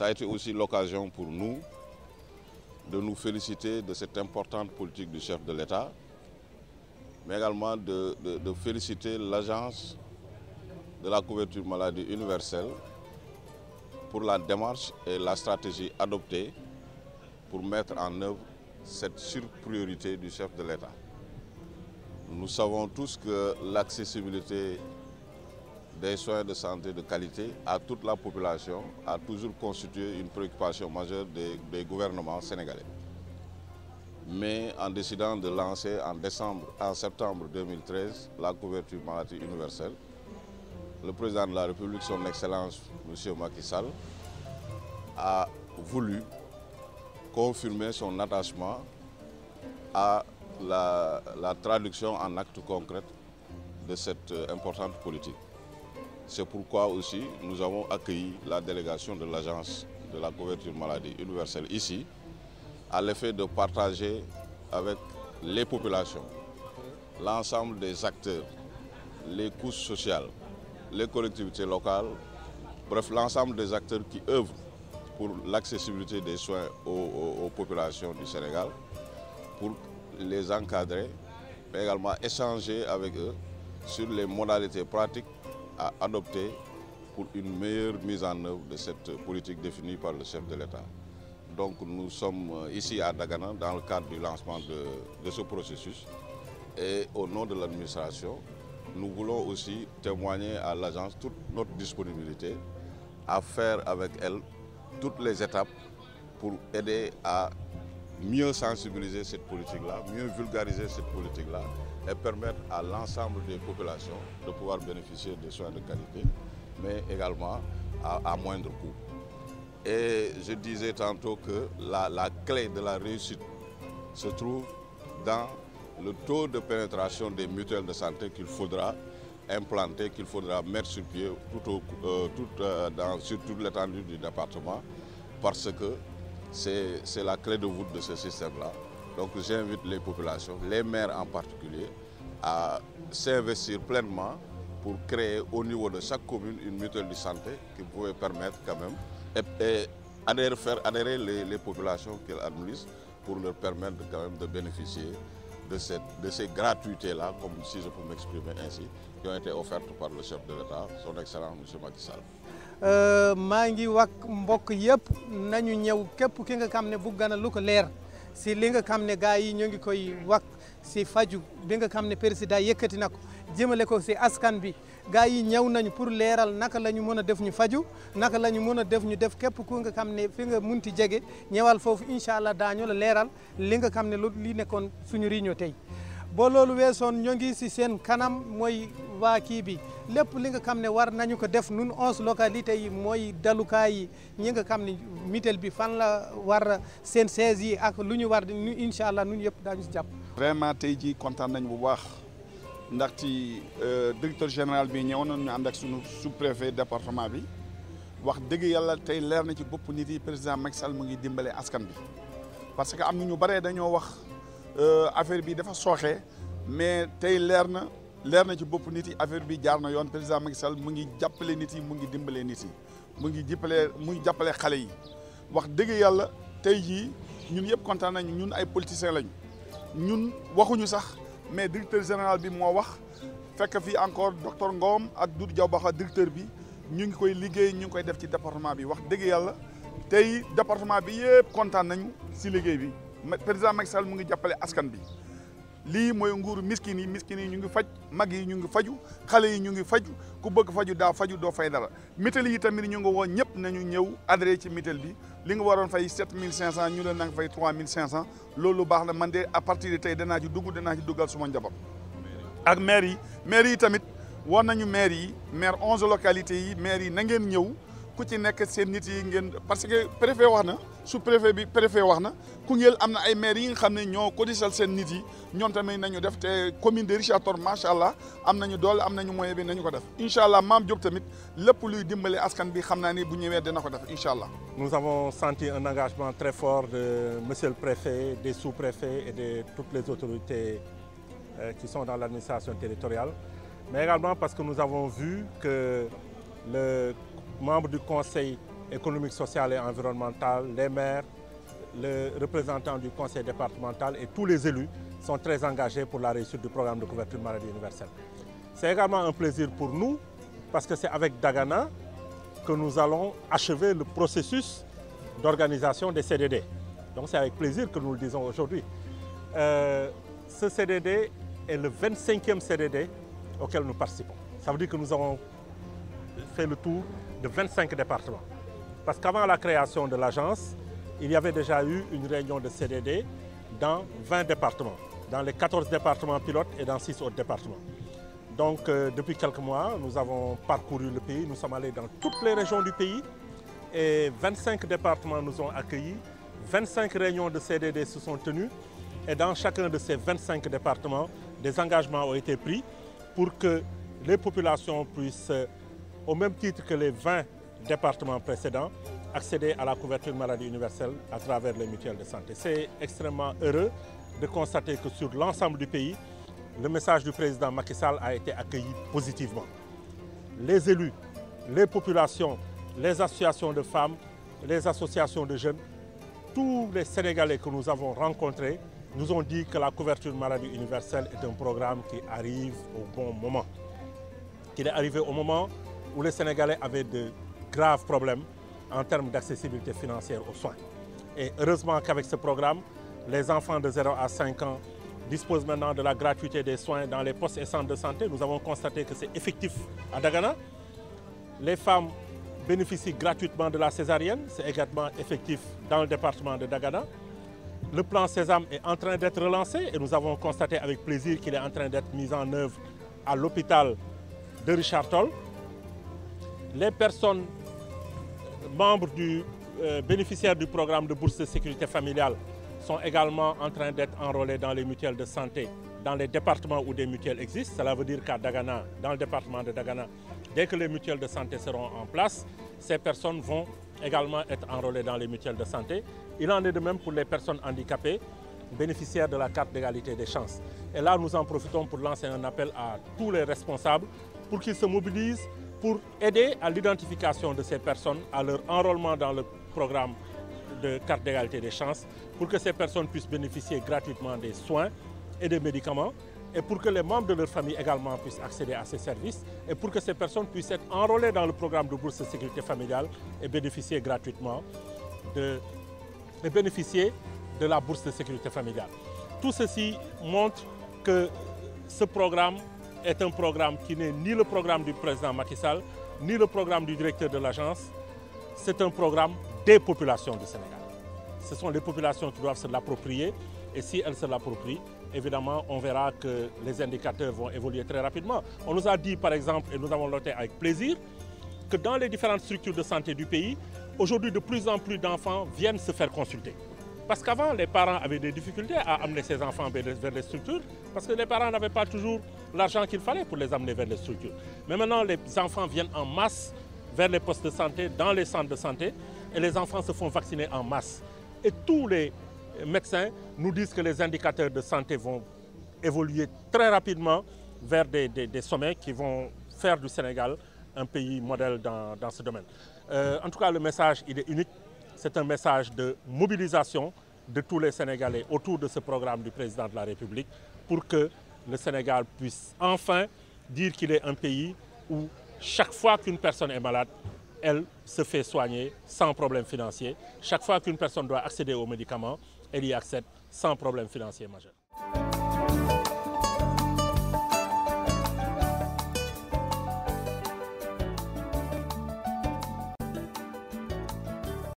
Ça a été aussi l'occasion pour nous de nous féliciter de cette importante politique du chef de l'État, mais également de, féliciter l'Agence de la couverture maladie universelle pour la démarche et la stratégie adoptée pour mettre en œuvre cette surpriorité du chef de l'État. Nous savons tous que l'accessibilité des soins de santé de qualité à toute la population a toujours constitué une préoccupation majeure des, gouvernements sénégalais. Mais en décidant de lancer en, décembre, en septembre 2013 la couverture maladie universelle, le président de la République, son Excellence M. Macky Sall, a voulu confirmer son attachement à la traduction en actes concrets de cette euh, importante politique. C'est pourquoi aussi nous avons accueilli la délégation de l'Agence de la couverture maladie universelle ici, à l'effet de partager avec les populations, l'ensemble des acteurs, les couches sociales, les collectivités locales, bref, l'ensemble des acteurs qui œuvrent pour l'accessibilité des soins aux, populations du Sénégal, pour les encadrer, mais également échanger avec eux sur les modalités pratiques à adopter pour une meilleure mise en œuvre de cette politique définie par le chef de l'État. Donc nous sommes euh, ici à Dagana dans le cadre du lancement de, de ce processus et au nom de l'administration, nous voulons aussi témoigner à l'agence toute notre disponibilité à faire avec elle toutes les étapes pour aider à mieux sensibiliser cette politique-là, mieux vulgariser cette politique-là et permettre à l'ensemble des populations de pouvoir bénéficier de soins de qualité, mais également à, moindre coût. Et je disais tantôt que la, clé de la réussite se trouve dans le taux de pénétration des mutuelles de santé qu'il faudra implanter, qu'il faudra mettre sur pied euh, euh, sur toute l'étendue du département, parce que c'est la clé de voûte de ce système-là. Donc j'invite les populations, les maires en particulier, à s'investir pleinement pour créer au niveau de chaque commune une mutuelle de santé qui pouvait permettre quand même et, faire adhérer les, populations qu'elles administrent pour leur permettre quand même de bénéficier de, cette, de ces gratuités-là, comme si je peux m'exprimer ainsi, qui ont été offertes par le chef de l'État, son excellent M. Macky Sall. Euh, si li nga xam ne gars yi ñoo ngi koy wax si faju bi nga xam ne président yëkkati na ko jëmale ko si askan bi gars yi ñëw nañu pour leeral naka la ñu mën a def ñu faju naka la ñu mën a def ñu def képp ku nga xam ne fi nga munti jege ñëwal foofu incha allah daañu la leeral li nga xam ne loolu li nekkoon suñu réunion tey boo weesoon ñoo si seen kanam mooy waa kii bi lépp li nga xam ne war nañu ko def nun onze localités yi mooy dalukaay yi ñi nga xam ne mutuelle bi fan la war seen siège yi ak lu ñu war nu incha allah nun yëpp daañu si jàpp vraiment tey jii kontaan nañu bu baax ndaxte euh, directeur général bi ñëw na ñu ànd sunu sous-préfet département bi wax dëgg yàlla tey leer na ci bopp nit yi président Macky Sall mu ngi dimbale askan bi parce que am na ñu bare dañoo wax euh, affaire bi dafa sooxe mais tey leer na leer na ci bopp nit yi affaire bi jaar na yoon président Macky Sall mu ngi jàppale nit yi mu ngi dimbale nit yi mu ngi jàppale mu ngi jàppale xale yi wax dëgg yàlla tey jii ñun yëpp kontaan nañ ñun ay politiciens lañu ñun waxuñu sax mais directeur général bi moo wax fekk fii encore docteur Ngom ak Doudou Diaw Baxa directeur bi ñu ngi koy liggéey ñu ngi koy def ci département bi wax dëgg yàlla tey département bi yëpp kontaan nañu si liggéey bi président Macky Sall mu ngi jàppale askan bi lii mooy nguuru miskin yi miskin yi ñu ngi faj mag yi ñu ngi faju xale yi ñu ngi faju ku bëgg faju daa faju doo fay dara mutuelle yi tamit ñu ngi woo ñëpp nañu ñëw adhéré ci mutuelle bi li nga waroon fay cinq 7500 ñu leen na nga fay 3500 loolu baax na man de à partir de tey danaa ci dugg danaa ci duggal suma njaboot ak maire yi maire yi tamit war nañu maire yi maire onze localités yi maire yi na ngeen ñëw ku ci nit yi ngeen parce que préfet wax sous préfet bi préfet wax y a des ay maires yi nga xam ne ñoo ko disal nit yi ñoom nañu def commune de Richard Toll macha allah am nañu doole faire. nañu moyen bi nañu ko def incha allah maam Diop tamit lépp luy askan bi ko def nous avons senti un engagement très fort de monsieur le préfet des sous-préfets et de toutes les autorités euh, qui sont dans l'administration territoriale mais également parce que nous avons vu que le membres du Conseil économique, social et environnemental, les maires, les représentants du Conseil départemental et tous les élus sont très engagés pour la réussite du programme de couverture maladie universelle. C'est également un plaisir pour nous parce que c'est avec Dagana que nous allons achever le processus d'organisation des CDD. Donc c'est avec plaisir que nous le disons aujourd'hui. Euh, ce CDD est le 25e CDD auquel nous participons. Ça veut dire que nous avons le tour de 25 départements. Parce qu'avant la création de l'agence, il y avait déjà eu une réunion de CDD dans 20 départements, dans les 14 départements pilotes et dans 6 autres départements. Donc euh, depuis quelques mois, nous avons parcouru le pays, nous sommes allés dans toutes les régions du pays et 25 départements nous ont accueillis, 25 réunions de CDD se sont tenues et dans chacun de ces 25 départements, des engagements ont été pris pour que les populations puissent au même titre que les 20 départements précédents, accéder à la couverture maladie universelle à travers les mutuelles de santé. C'est extrêmement heureux de constater que sur l'ensemble du pays, le message du président Macky Sall a été accueilli positivement. Les élus, les populations, les associations de femmes, les associations de jeunes, tous les Sénégalais que nous avons rencontrés nous ont dit que la couverture maladie universelle est un programme qui arrive au bon moment, qu'il est arrivé au moment où les Sénégalais avaient de graves problèmes en termes d'accessibilité financière aux soins. Et heureusement qu'avec ce programme, les enfants de 0 à 5 ans disposent maintenant de la gratuité des soins dans les postes et centres de santé. Nous avons constaté que c'est effectif à Dagana. Les femmes bénéficient gratuitement de la césarienne, c'est également effectif dans le département de Dagana. Le plan Sésame est en train d'être relancé et nous avons constaté avec plaisir qu'il est en train d'être mis en œuvre à l'hôpital de Richard Toll les personnes euh, membres du euh, bénéficiaire du programme de bourse de sécurité familiale sont également en train d'être enrôlées dans les mutuelles de santé, dans les départements où des mutuelles existent. Cela veut dire qu'à Dagana, dans le département de Dagana, dès que les mutuelles de santé seront en place, ces personnes vont également être enrôlées dans les mutuelles de santé. Il en est de même pour les personnes handicapées bénéficiaires de la carte d'égalité des chances. Et là, nous en profitons pour lancer un appel à tous les responsables pour qu'ils se mobilisent pour aider à l'identification de ces personnes, à leur enrôlement dans le programme de carte d'égalité des chances, pour que ces personnes puissent bénéficier gratuitement des soins et des médicaments, et pour que les membres de leur famille également puissent accéder à ces services, et pour que ces personnes puissent être enrôlées dans le programme de bourse de sécurité familiale et bénéficier gratuitement de, bénéficier de la bourse de sécurité familiale. Tout ceci montre que ce programme est un programme qui n'est ni le programme du président Macky Sall, ni le programme du directeur de l'agence. C'est un programme des populations du Sénégal. Ce sont les populations qui doivent se l'approprier et si elles se l'approprient, évidemment, on verra que les indicateurs vont évoluer très rapidement. On nous a dit, par exemple, et nous avons noté avec plaisir, que dans les différentes structures de santé du pays, aujourd'hui, de plus en plus d'enfants viennent se faire consulter. Parce qu'avant, les parents avaient des difficultés à amener ses enfants vers les structures, parce que les parents n'avaient pas toujours l'argent qu'il fallait pour les amener vers les structures. Mais maintenant, les enfants viennent en masse vers les postes de santé, dans les centres de santé, et les enfants se font vacciner en masse. Et tous les médecins nous disent que les indicateurs de santé vont évoluer très rapidement vers des, sommets qui vont faire du Sénégal un pays modèle dans, ce domaine. Euh, en tout cas, le message, il est unique c'est un message de mobilisation de tous les Sénégalais autour de ce programme du président de la République pour que le Sénégal puisse enfin dire qu'il est un pays où chaque fois qu'une personne est malade, elle se fait soigner sans problème financier. Chaque fois qu'une personne doit accéder aux médicaments, elle y accède sans problème financier majeur.